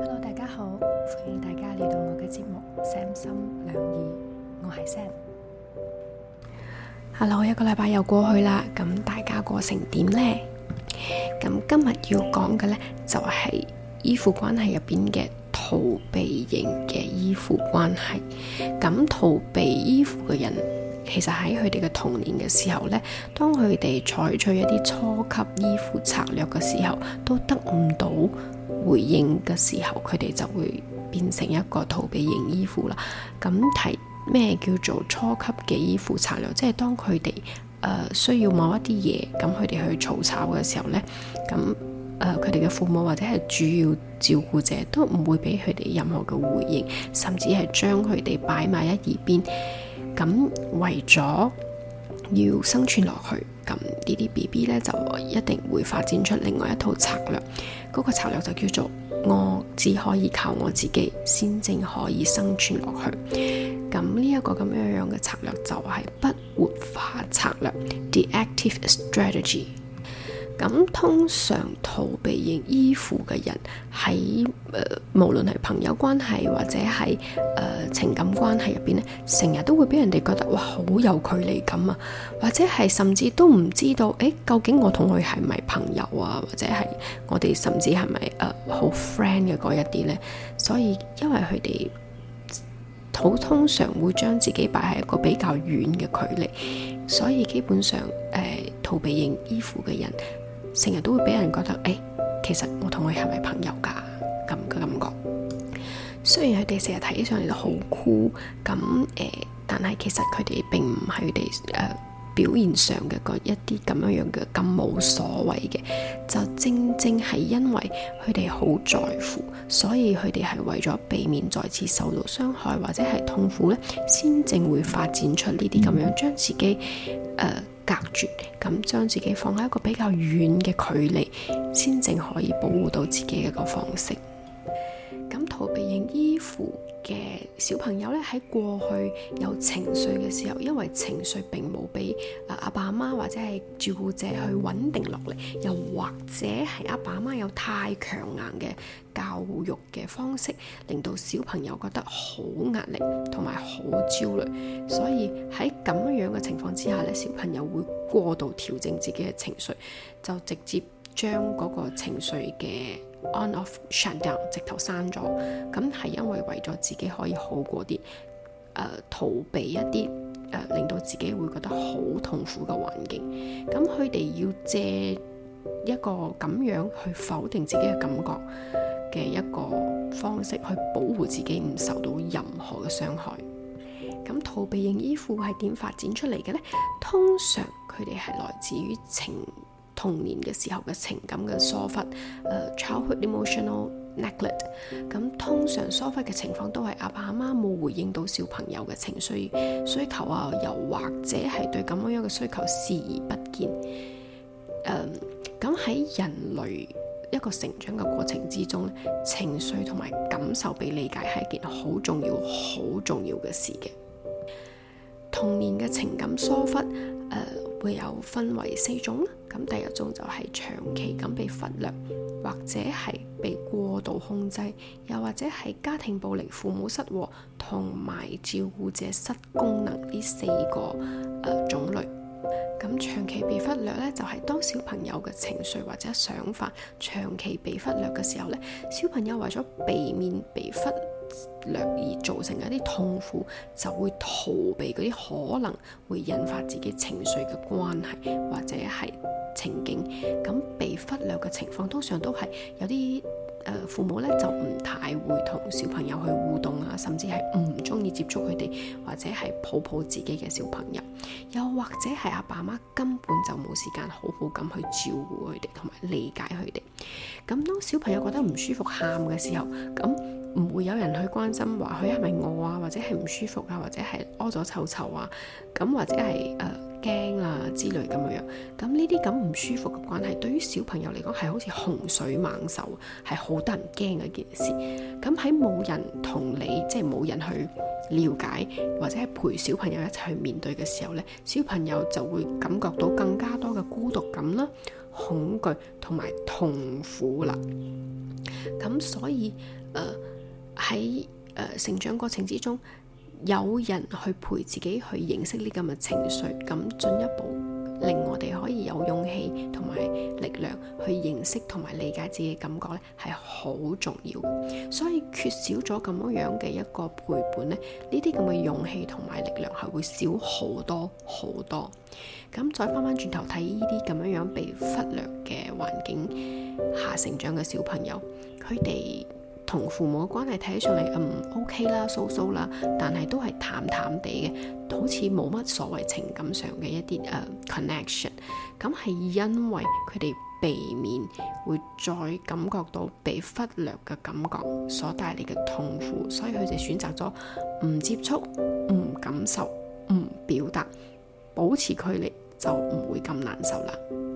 Hello，大家好，歡迎大家嚟到我嘅節目《三心兩意》，我係 Sam。Hello，一個禮拜又過去啦，咁大家過成點呢？咁今日要講嘅呢，就係依附關係入邊嘅逃避型嘅依附關係。咁逃避依附嘅人，其實喺佢哋嘅童年嘅時候呢，當佢哋採取一啲初級依附策略嘅時候，都得唔到回應嘅時候，佢哋就會變成一個逃避型依附啦。咁提咩叫做初級嘅依附策略？即係當佢哋誒需要某一啲嘢，咁佢哋去嘈吵嘅時候呢，咁誒佢哋嘅父母或者係主要照顧者都唔會俾佢哋任何嘅回應，甚至係將佢哋擺埋一邊。咁為咗要生存落去，咁呢啲 BB 咧就一定會發展出另外一套策略。嗰個策略就叫做我只可以靠我自己，先正可以生存落去。咁呢一個咁樣樣嘅策略就係不活化策略，deactivating strategy。咁通常逃避型依附嘅人喺誒、呃，無論係朋友關係或者係誒、呃、情感關係入邊咧，成日都會俾人哋覺得哇，好有距離感啊，或者係甚至都唔知道誒、欸，究竟我同佢係咪朋友啊，或者係我哋甚至係咪誒好 friend 嘅嗰一啲咧？所以因為佢哋好通常會將自己擺喺一個比較遠嘅距離，所以基本上誒、呃、逃避型依附嘅人，成日都會俾人覺得，誒、欸，其實我同佢係咪朋友㗎？咁嘅感覺。雖然佢哋成日睇起上嚟都好酷、cool，咁、呃、誒，但係其實佢哋並唔係佢哋誒表現上嘅嗰一啲咁樣樣嘅咁冇所謂嘅，就正正係因為佢哋好在乎，所以佢哋係為咗避免再次受到傷害或者係痛苦咧，先正會發展出呢啲咁樣、mm hmm. 將自己誒，呃隔絕，咁將自己放喺一個比較遠嘅距離，先正可以保護到自己嘅一個方式。咁逃避型依附嘅小朋友咧，喺過去有情緒嘅時候，因為情緒並冇俾阿爸阿媽或者係照顧者去穩定落嚟，又或者係阿爸阿媽有太強硬嘅教育嘅方式，令到小朋友覺得好壓力同埋好焦慮，所以喺咁樣嘅情況之下咧，小朋友會過度調整自己嘅情緒，就直接。將嗰個情緒嘅 on-off shut down 直頭刪咗，咁係因為為咗自己可以好過啲，誒、呃、逃避一啲誒、呃、令到自己會覺得好痛苦嘅環境。咁佢哋要借一個咁樣去否定自己嘅感覺嘅一個方式，去保護自己唔受到任何嘅傷害。咁逃避型依附係點發展出嚟嘅呢？通常佢哋係來自於情。童年嘅時候嘅情感嘅疏忽，uh, childhood emotional neglect。咁通常疏忽嘅情況都係阿爸阿媽冇回應到小朋友嘅情緒需求啊，又或者係對咁樣樣嘅需求視而不見。誒，咁喺人類一個成長嘅過程之中，情緒同埋感受被理解係一件好重要、好重要嘅事嘅。童年嘅情感疏忽，uh, 會有分為四種啦，咁第一種就係長期咁被忽略，或者係被過度控制，又或者係家庭暴力、父母失和同埋照顧者失功能呢四個誒、呃、種類。咁長期被忽略呢，就係、是、當小朋友嘅情緒或者想法長期被忽略嘅時候呢，小朋友為咗避免被忽略，略而造成一啲痛苦，就會逃避嗰啲可能會引發自己情緒嘅關係或者係情景。咁被忽略嘅情況，通常都係有啲、呃、父母咧就唔太會同小朋友去互動啊，甚至係唔中意接觸佢哋，或者係抱抱自己嘅小朋友，又或者係阿爸媽根本就冇時間好好咁去照顧佢哋，同埋理解佢哋。咁當小朋友覺得唔舒服，喊嘅時候，咁。唔會有人去關心，話佢係咪餓啊，或者係唔舒服啊，或者係屙咗臭臭啊，咁或者係誒驚啊之類咁樣樣。咁呢啲咁唔舒服嘅關係，對於小朋友嚟講係好似洪水猛獸，係好得人驚嘅一件事。咁喺冇人同你，即係冇人去了解或者係陪小朋友一齊去面對嘅時候呢，小朋友就會感覺到更加多嘅孤獨感啦、恐懼同埋痛苦啦。咁所以誒。呃喺誒、呃、成長過程之中，有人去陪自己去認識呢咁嘅情緒，咁進一步令我哋可以有勇氣同埋力量去認識同埋理解自己嘅感覺咧，係好重要。所以缺少咗咁樣樣嘅一個陪伴咧，呢啲咁嘅勇氣同埋力量係會少好多好多。咁再翻翻轉頭睇呢啲咁樣樣被忽略嘅環境下成長嘅小朋友，佢哋，同父母嘅關係睇上嚟，嗯，OK 啦，so so 啦，但係都係淡淡地嘅，好似冇乜所謂情感上嘅一啲誒、uh, connection。咁係因為佢哋避免會再感覺到被忽略嘅感覺所帶嚟嘅痛苦，所以佢哋選擇咗唔接觸、唔感受、唔表達，保持距離就唔會咁難受啦。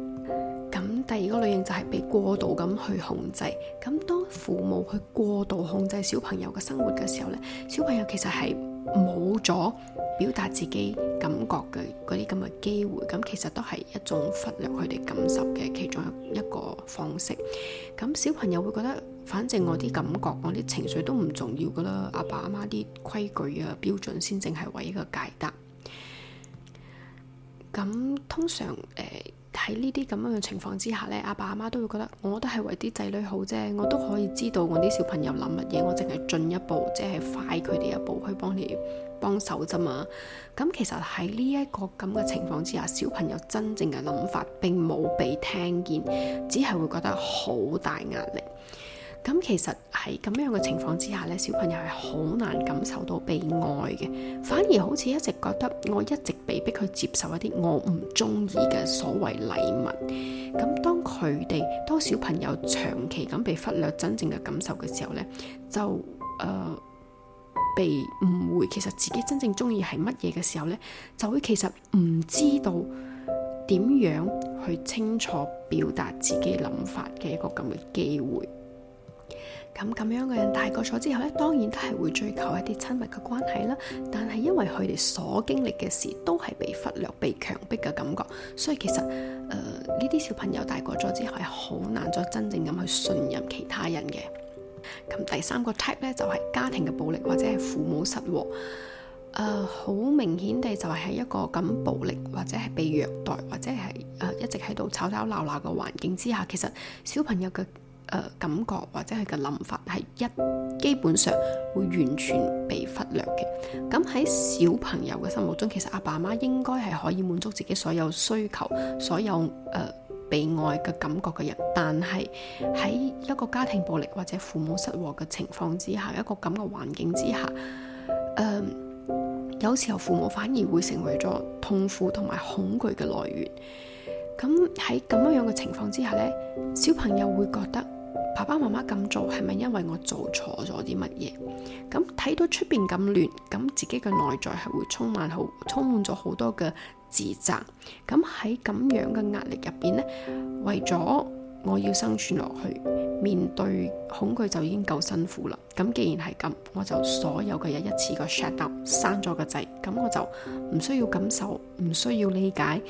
第二個類型就係被過度咁去控制，咁當父母去過度控制小朋友嘅生活嘅時候呢，小朋友其實係冇咗表達自己感覺嘅嗰啲咁嘅機會，咁其實都係一種忽略佢哋感受嘅其中一個方式。咁小朋友會覺得，反正我啲感覺、我啲情緒都唔重要噶啦，阿爸阿媽啲規矩啊、標準先正係唯一嘅解答。咁通常誒。呃喺呢啲咁樣嘅情況之下呢，阿爸阿媽都會覺得，我都係為啲仔女好啫，我都可以知道我啲小朋友諗乜嘢，我淨係進一步，即係快佢哋一步去幫你幫手啫嘛。咁其實喺呢一個咁嘅情況之下，小朋友真正嘅諗法並冇被聽見，只係會覺得好大壓力。咁其實喺咁樣嘅情況之下咧，小朋友係好難感受到被愛嘅，反而好似一直覺得我一直被逼去接受一啲我唔中意嘅所謂禮物。咁當佢哋，當小朋友長期咁被忽略真正嘅感受嘅時候呢，就誒、呃、被誤會，其實自己真正中意係乜嘢嘅時候呢，就會其實唔知道點樣去清楚表達自己諗法嘅一個咁嘅機會。咁咁樣嘅人大個咗之後咧，當然都係會追求一啲親密嘅關係啦。但係因為佢哋所經歷嘅事都係被忽略、被強迫嘅感覺，所以其實誒呢啲小朋友大個咗之後係好難再真正咁去信任其他人嘅。咁第三個 type 咧就係、是、家庭嘅暴力或者係父母失和。誒、呃，好明顯地就係一個咁暴力或者係被虐待或者係誒、呃、一直喺度吵吵鬧鬧嘅環境之下，其實小朋友嘅。誒、呃，感覺或者佢嘅諗法係一基本上會完全被忽略嘅。咁喺小朋友嘅心目中，其實阿爸媽應該係可以滿足自己所有需求、所有誒被愛嘅感覺嘅人。但係喺一個家庭暴力或者父母失和嘅情況之下，一個咁嘅環境之下，誒、呃，有時候父母反而會成為咗痛苦同埋恐懼嘅來源。咁喺咁樣樣嘅情況之下呢，小朋友會覺得，爸爸媽媽咁做係咪因為我做錯咗啲乜嘢？咁睇到出面咁亂，咁自己嘅內在係會充滿好充滿咗好多嘅自責。咁喺咁樣嘅壓力入面呢，為咗我要生存落去，面對恐懼就已經夠辛苦啦。咁既然係咁，我就所有嘅嘢一次個 shut down，熄咗個掣，咁我就唔需要感受，唔需要理解，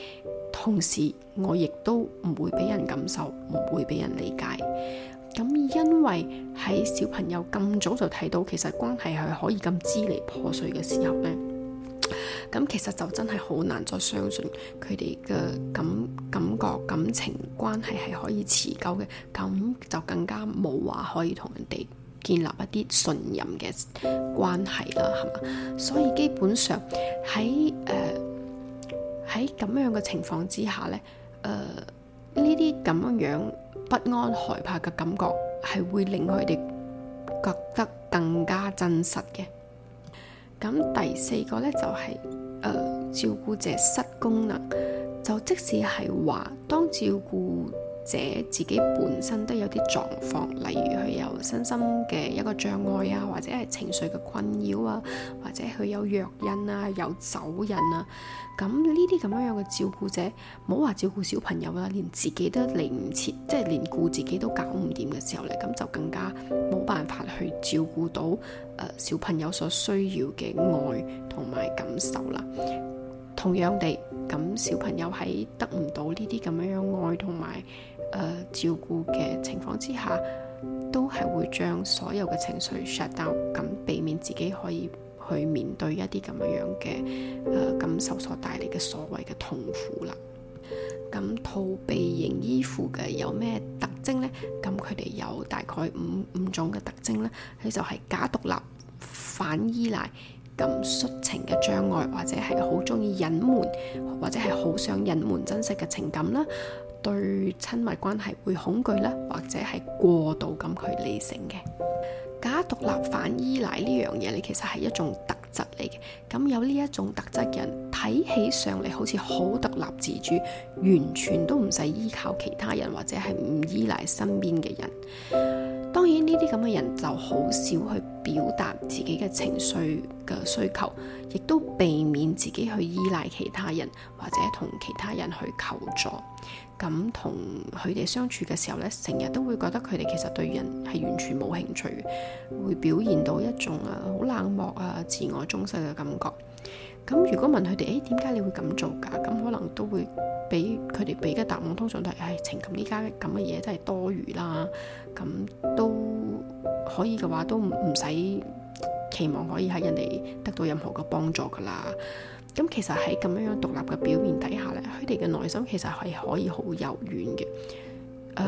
同時我亦都唔會俾人感受，唔會俾人理解。咁因為喺小朋友咁早就睇到，其實關係係可以咁支離破碎嘅時候咧，咁其實就真係好難再相信佢哋嘅感感覺、感情關係係可以持久嘅，咁就更加冇話可以同人哋建立一啲信任嘅關係啦，係嘛？所以基本上喺誒喺咁樣嘅情況之下咧，誒呢啲咁樣樣。不安害怕嘅感覺係會令佢哋覺得更加真實嘅。咁第四個呢，就係、是呃、照顧者失功能，就即使係話當照顧者自己本身都有啲狀況，例如佢有身心嘅一個障礙啊，或者係情緒嘅困擾啊，或者佢有藥癮啊，有酒癮啊。咁呢啲咁樣樣嘅照顧者，唔好話照顧小朋友啦，連自己都嚟唔切，即係連顧自己都搞唔掂嘅時候咧，咁就更加冇辦法去照顧到、呃、小朋友所需要嘅愛同埋感受啦。同樣地，咁小朋友喺得唔到呢啲咁樣樣愛同埋誒照顧嘅情況之下，都係會將所有嘅情緒 shut down，咁避免自己可以去面對一啲咁樣、呃、樣嘅誒感受所帶嚟嘅所謂嘅痛苦啦。咁逃避型依附嘅有咩特徵呢？咁佢哋有大概五五種嘅特徵咧，佢就係假獨立、反依賴。咁抒情嘅障礙，或者係好中意隱瞞，或者係好想隱瞞真實嘅情感啦，對親密關係會恐懼啦，或者係過度咁去理性嘅假獨立反依賴呢樣嘢，你其實係一種特質嚟嘅。咁有呢一種特質嘅人，睇起上嚟好似好獨立自主，完全都唔使依靠其他人，或者係唔依賴身邊嘅人。呢啲咁嘅人就好少去表達自己嘅情緒嘅需求，亦都避免自己去依賴其他人或者同其他人去求助。咁同佢哋相處嘅時候呢，成日都會覺得佢哋其實對人係完全冇興趣嘅，會表現到一種啊，好冷漠啊，自我中心嘅感覺。咁如果問佢哋，誒點解你會咁做噶？咁可能都會。俾佢哋俾嘅答案，通常都係：唉，情感依家咁嘅嘢真係多餘啦。咁都可以嘅話，都唔使期望可以喺人哋得到任何嘅幫助噶啦。咁其實喺咁樣樣獨立嘅表面底下咧，佢哋嘅內心其實係可以好柔軟嘅。誒，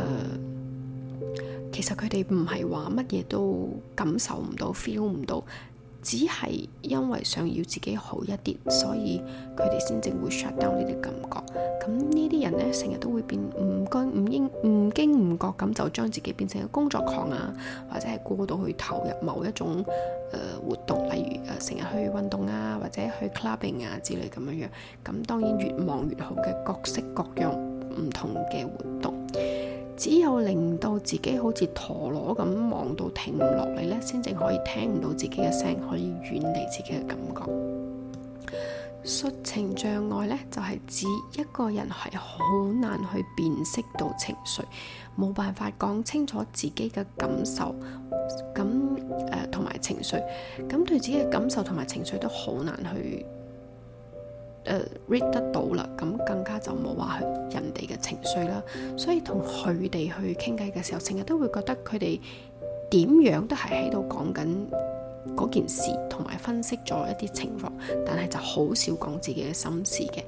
其實佢哋唔係話乜嘢都感受唔到、feel 唔到。只係因為想要自己好一啲，所以佢哋先至會 shut down 呢啲感覺。咁呢啲人呢，成日都會變唔經唔應唔經唔覺咁就將自己變成一個工作狂啊，或者係過度去投入某一種誒、呃、活動，例如誒成日去運動啊，或者去 clubbing 啊之類咁樣樣。咁當然越忙越好嘅各式各樣唔同嘅活動。只有令到自己好似陀螺咁望到停唔落嚟咧，先至可以聽唔到自己嘅聲，可以遠離自己嘅感覺。述情障礙咧，就係、是、指一個人係好難去辨識到情緒，冇辦法講清楚自己嘅感受咁誒，同埋、呃、情緒咁對自己嘅感受同埋情緒都好難去。誒、uh,，read 得到啦，咁更加就冇話係人哋嘅情緒啦，所以同佢哋去傾偈嘅時候，成日都會覺得佢哋點樣都係喺度講緊嗰件事，同埋分析咗一啲情況，但係就好少講自己嘅心事嘅，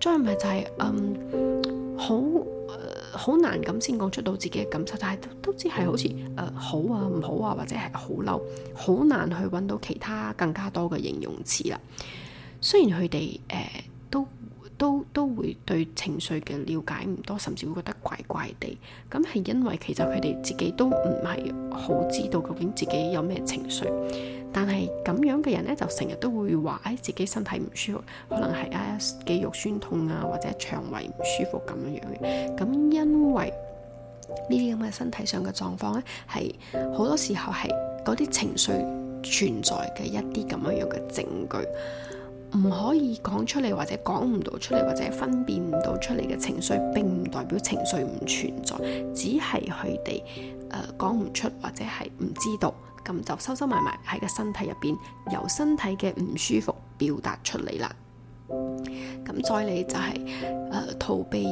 再唔係就係嗯好，好、um, uh, 難咁先講出到自己嘅感受，但係都都知係好似誒、uh, 好啊，唔好啊，或者係好嬲，好難去揾到其他更加多嘅形容詞啦。雖然佢哋誒都都都會對情緒嘅了解唔多，甚至會覺得怪怪地。咁係因為其實佢哋自己都唔係好知道究竟自己有咩情緒。但係咁樣嘅人呢，就成日都會話，誒、哎、自己身體唔舒服，可能係啊肌肉酸痛啊，或者腸胃唔舒服咁樣樣嘅。咁因為呢啲咁嘅身體上嘅狀況呢，係好多時候係嗰啲情緒存在嘅一啲咁樣樣嘅證據。唔可以講出嚟，或者講唔到出嚟，或者分辨唔到出嚟嘅情緒，並唔代表情緒唔存在，只係佢哋誒講唔出，或者係唔知道，咁就收收埋埋喺個身體入邊，由身體嘅唔舒服表達出嚟啦。咁再嚟就係、是、誒、呃、逃避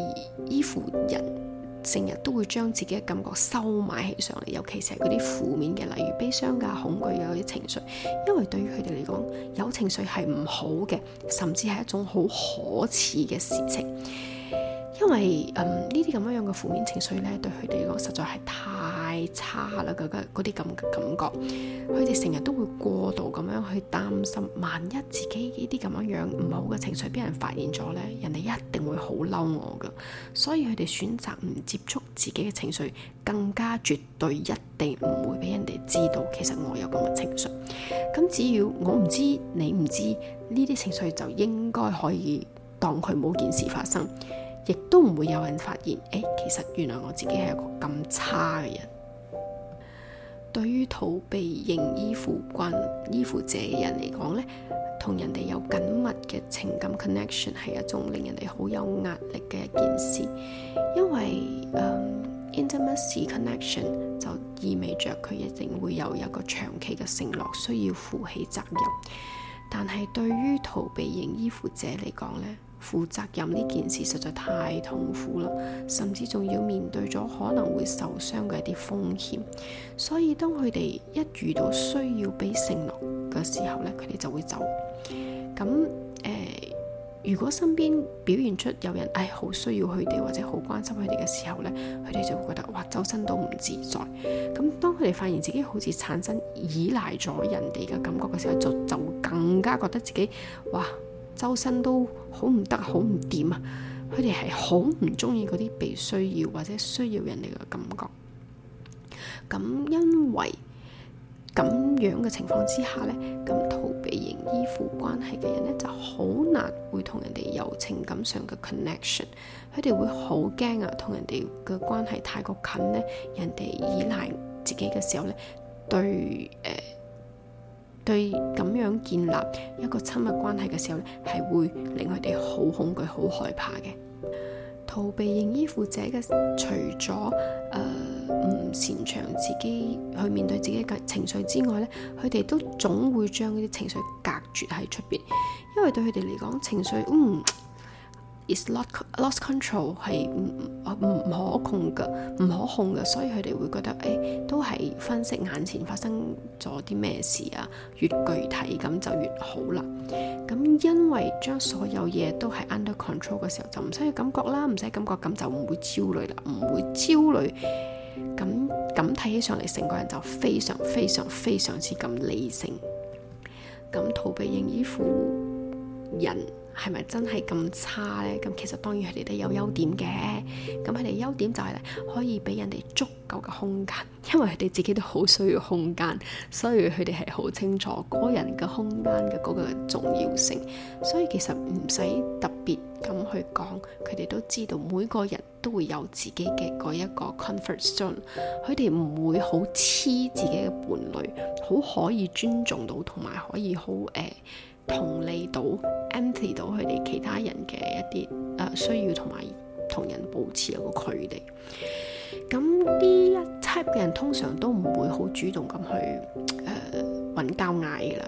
依附人，成日都會將自己嘅感覺收埋起上嚟，尤其是係嗰啲負面嘅，例如悲傷嘅、恐懼嘅嗰啲情緒。因為對於佢哋嚟講，有情緒係唔好嘅，甚至係一種好可恥嘅事情。因為嗯，呢啲咁樣樣嘅負面情緒咧，對佢哋嚟講，實在係太～太差啦！嗰啲咁感覺，佢哋成日都會過度咁樣去擔心，萬一自己呢啲咁樣樣唔好嘅情緒，俾人發現咗呢，人哋一定會好嬲我噶。所以佢哋選擇唔接觸自己嘅情緒，更加絕對一定唔會俾人哋知道。其實我有咁嘅情緒，咁只要我唔知，你唔知呢啲情緒，就應該可以當佢冇件事發生，亦都唔會有人發現。誒、欸，其實原來我自己係一個咁差嘅人。對於逃避型依附關依附者嘅人嚟講咧，同人哋有緊密嘅情感 connection 係一種令人哋好有壓力嘅一件事，因為、um, intimacy connection 就意味着佢一定會有一個長期嘅承諾，需要負起責任。但係對於逃避型依附者嚟講咧，負責任呢件事實在太痛苦啦，甚至仲要面對咗可能會受傷嘅一啲風險。所以當佢哋一遇到需要俾承諾嘅時候呢，佢哋就會走。咁誒、呃，如果身邊表現出有人誒好需要佢哋或者好關心佢哋嘅時候呢，佢哋就會覺得哇，周身都唔自在。咁當佢哋發現自己好似產生依賴咗人哋嘅感覺嘅時候，就就更加覺得自己哇，周身都。好唔得，好唔掂啊！佢哋係好唔中意嗰啲被需要或者需要人哋嘅感覺。咁因為咁樣嘅情況之下咧，咁逃避型依附關係嘅人咧就好難會同人哋有情感上嘅 connection。佢哋會好驚啊，同人哋嘅關係太過近咧，人哋依賴自己嘅時候咧，對誒。呃去咁樣建立一個親密關係嘅時候咧，係會令佢哋好恐懼、好害怕嘅。逃避型依附者嘅，除咗誒唔擅長自己去面對自己嘅情緒之外咧，佢哋都總會將嗰啲情緒隔絕喺出面，因為對佢哋嚟講，情緒嗯。Is lost, lost control，係唔唔可控嘅，唔可控嘅，所以佢哋會覺得誒、哎，都係分析眼前發生咗啲咩事啊，越具體咁就越好啦。咁因為將所有嘢都係 under control 嘅時候，就唔使要感覺啦，唔使感覺，咁就唔會焦慮啦，唔會焦慮。咁咁睇起上嚟，成個人就非常非常非常之咁理性。咁逃避型依附人。係咪真係咁差呢？咁其實當然佢哋都有優點嘅。咁佢哋優點就係咧，可以俾人哋足夠嘅空間，因為佢哋自己都好需要空間，所以佢哋係好清楚個人嘅空間嘅嗰個重要性。所以其實唔使特別咁去講，佢哋都知道每個人都會有自己嘅嗰一個 comfort zone。佢哋唔會好黐自己嘅伴侶，好可以尊重到，同埋可以好誒。呃同理到、empty 到佢哋其他人嘅一啲誒、呃、需要，同埋同人保持一個距離。咁,呢一七嘅人通常都唔會好主動咁去誒揾交嗌嘅啦。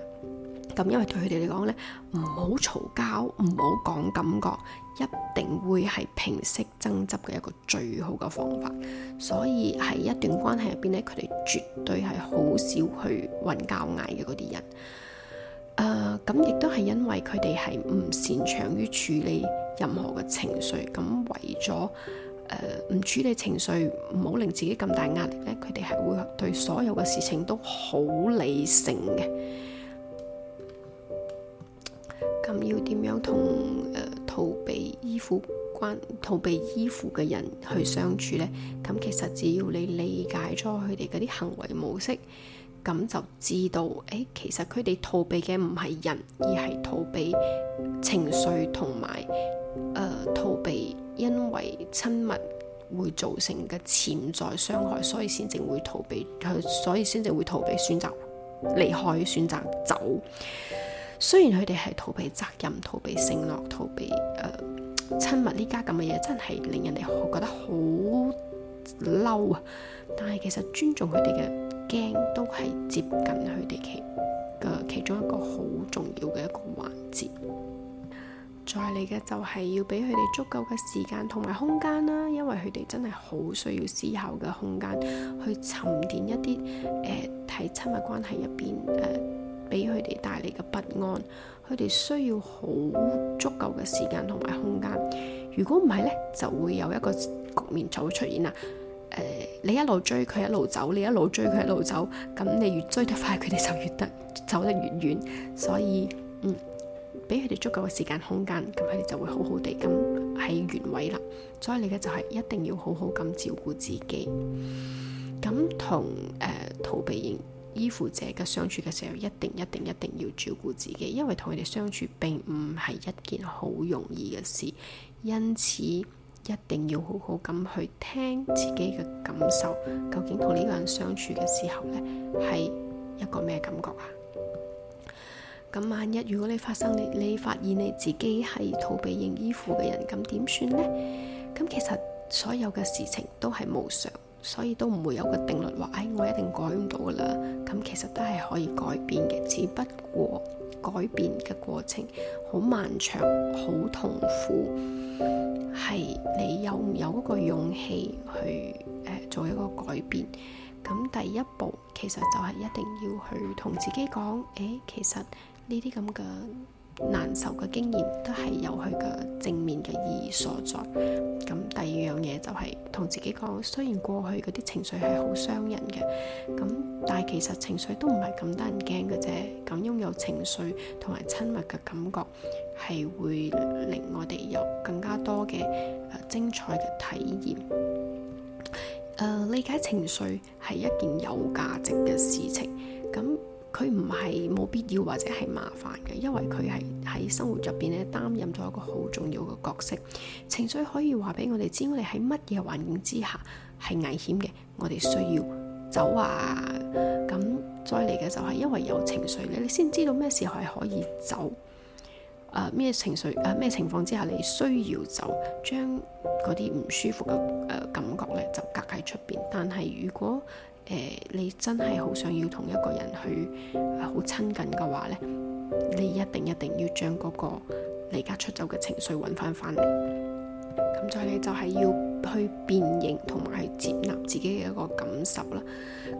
咁、呃、因為對佢哋嚟講咧，唔好嘈交，唔好講感覺，一定會係平息爭執嘅一個最好嘅方法。所以喺一段關係入邊咧，佢哋絕對係好少去揾交嗌嘅嗰啲人。誒，咁亦都係因為佢哋係唔擅長於處理任何嘅情緒，咁為咗誒唔處理情緒，唔好令自己咁大壓力咧，佢哋係會對所有嘅事情都好理性嘅。咁要點樣同誒、呃、逃避依附關逃避依附嘅人去相處咧？咁其實只要你理解咗佢哋嗰啲行為模式，咁就知道，誒、欸，其實佢哋逃避嘅唔係人，而係逃避情緒同埋，誒、呃，逃避因為親密會造成嘅潛在傷害，所以先至會逃避，佢所以先至會逃避選擇離開，選擇走。雖然佢哋係逃避責任、逃避承諾、逃避誒、呃、親密呢家咁嘅嘢，真係令人哋覺得好嬲啊！但係其實尊重佢哋嘅。驚都係接近佢哋其嘅其中一個好重要嘅一個環節。再嚟嘅就係要俾佢哋足夠嘅時間同埋空間啦，因為佢哋真係好需要思考嘅空間去沉澱一啲誒，喺、呃、親密關係入邊誒，俾佢哋帶嚟嘅不安，佢哋需要好足夠嘅時間同埋空間。如果唔係呢，就會有一個局面就會出現啦。誒，uh, 你一路追佢一路走，你一路追佢一路走，咁你越追得快，佢哋就越得走得越遠。所以，嗯，俾佢哋足夠嘅時間空間，咁佢哋就會好好地咁喺原位啦。所以你嘅就係、是、一定要好好咁照顧自己。咁同誒逃避型依附者嘅相處嘅時候，一定一定一定要照顧自己，因為同佢哋相處並唔係一件好容易嘅事，因此。一定要好好咁去聽自己嘅感受，究竟同呢個人相處嘅時候呢係一個咩感覺啊？咁萬一如果你發生你你發現你自己係逃避型依附嘅人，咁點算呢？咁其實所有嘅事情都係無常，所以都唔會有個定律話，哎，我一定改唔到啦。咁其實都係可以改變嘅，只不過。改變嘅過程好漫長，好痛苦，係你有唔有嗰個勇氣去、呃、做一個改變？咁第一步其實就係一定要去同自己講，誒、欸，其實呢啲咁嘅難受嘅經驗都係有佢嘅正面嘅意義所在。咁第二樣嘢就係同自己講，雖然過去嗰啲情緒係好傷人嘅，其實情緒都唔係咁得人驚嘅啫，咁擁有情緒同埋親密嘅感覺，係會令我哋有更加多嘅、呃、精彩嘅體驗。誒、呃，理解情緒係一件有價值嘅事情，咁佢唔係冇必要或者係麻煩嘅，因為佢係喺生活入邊咧擔任咗一個好重要嘅角色。情緒可以話俾我哋知，我哋喺乜嘢環境之下係危險嘅，我哋需要。走啊！咁再嚟嘅就係因為有情緒咧，你先知道咩時候係可以走。誒、呃、咩情緒誒咩、呃、情況之下你需要走，將嗰啲唔舒服嘅誒、呃、感覺咧就隔喺出邊。但係如果誒、呃、你真係好想要同一個人去好、呃、親近嘅話咧，你一定一定要將嗰個離家出走嘅情緒搵翻翻嚟。咁再嚟就係要。去辨認同埋去接納自己嘅一個感受啦。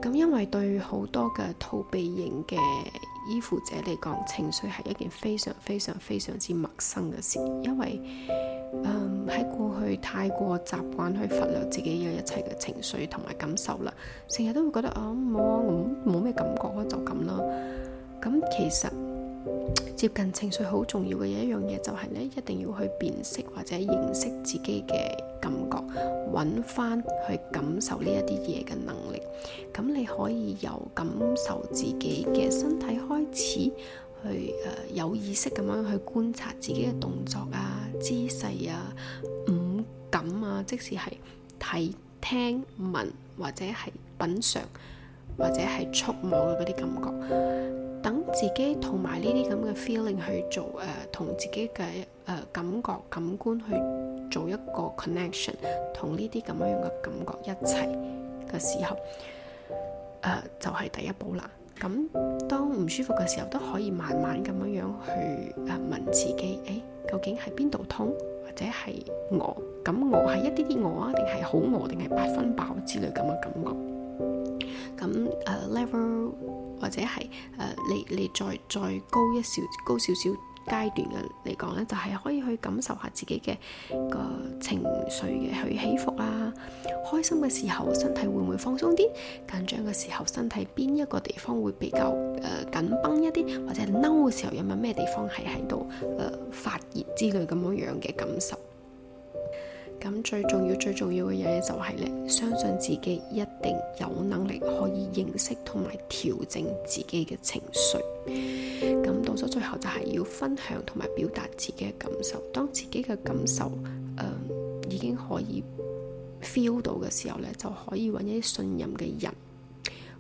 咁因為對好多嘅逃避型嘅依附者嚟講，情緒係一件非常非常非常之陌生嘅事。因為嗯、喺過去太過習慣去忽略自己嘅一切嘅情緒同埋感受啦，成日都會覺得啊，冇冇冇咩感覺啊，就咁啦。咁其實。接近情緒好重要嘅一一樣嘢就係咧，一定要去辨識或者認識自己嘅感覺，揾翻去感受呢一啲嘢嘅能力。咁你可以由感受自己嘅身體開始去，去、呃、誒有意識咁樣去觀察自己嘅動作啊、姿勢啊、五感啊，即使係睇、聽、聞或者係品嚐或者係觸摸嘅嗰啲感覺。等自己同埋呢啲咁嘅 feeling 去做，誒、呃，同自己嘅誒、呃、感覺、感官去做一個 connection，同呢啲咁樣樣嘅感覺一齊嘅時候，誒、呃，就係、是、第一步啦。咁、嗯、當唔舒服嘅時候，都可以慢慢咁樣樣去誒問、呃、自己，誒，究竟係邊度痛，或者係餓？咁餓係一啲啲餓啊，定係好餓，定係八分飽之類咁嘅感覺？咁誒、uh, level 或者係誒、uh, 你你再再高一小高少少階段嘅嚟講咧，就係、是、可以去感受下自己嘅個情緒嘅去起伏啊。開心嘅時候，身體會唔會放鬆啲？緊張嘅時候，身體邊一個地方會比較誒、呃、緊繃一啲？或者嬲嘅時候，有冇咩地方係喺度誒發熱之類咁樣樣嘅感受？咁最重要、最重要嘅嘢就係咧，相信自己一定有能力可以認識同埋調整自己嘅情緒。咁到咗最後就係要分享同埋表達自己嘅感受。當自己嘅感受、呃、已經可以 feel 到嘅時候咧，就可以揾一啲信任嘅人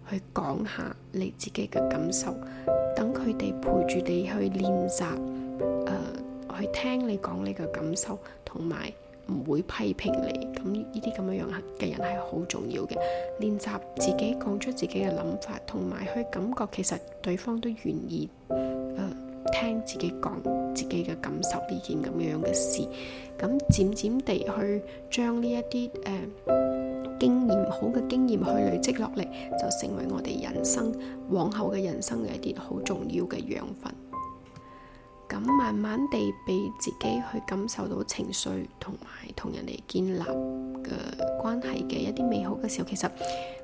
去講下你自己嘅感受，等佢哋陪住你去練習、呃、去聽你講你嘅感受同埋。唔會批評你，咁呢啲咁嘅樣嘅人係好重要嘅。練習自己講出自己嘅諗法，同埋去感覺，其實對方都願意誒、呃、聽自己講自己嘅感受呢件咁樣嘅事。咁漸漸地去將呢一啲誒經驗好嘅經驗去累積落嚟，就成為我哋人生往後嘅人生嘅一啲好重要嘅養分。咁慢慢地俾自己去感受到情緒，同埋同人哋建立嘅關係嘅一啲美好嘅時候，其實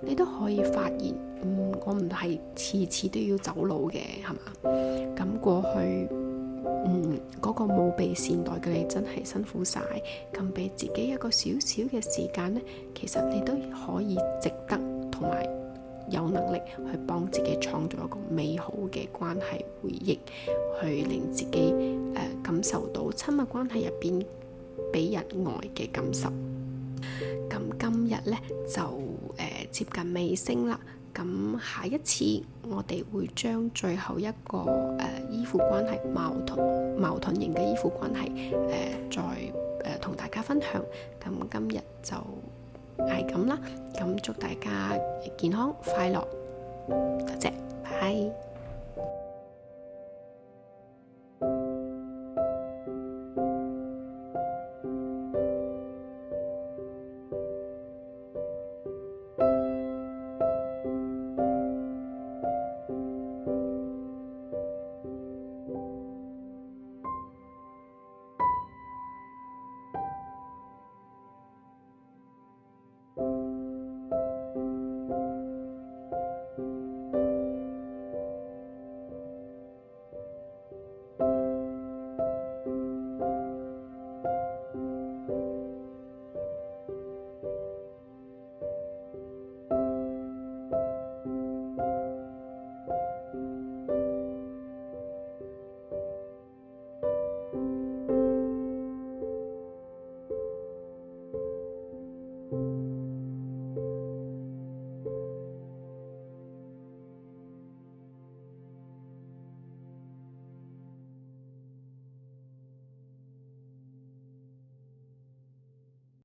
你都可以發現，嗯，我唔係次次都要走佬嘅，係嘛？咁過去，嗯，嗰個冇被善待嘅你真係辛苦晒。咁俾自己一個少少嘅時間咧，其實你都可以值得同埋。有能力去幫自己創造一個美好嘅關係回憶，去令自己誒、呃、感受到親密關係入邊俾人愛嘅感受。咁今日呢，就誒、呃、接近尾聲啦。咁下一次我哋會將最後一個誒依附關係矛盾矛盾型嘅依附關係誒、呃、再誒、呃、同大家分享。咁今日就，係咁啦，咁祝大家健康快樂，多謝，拜拜。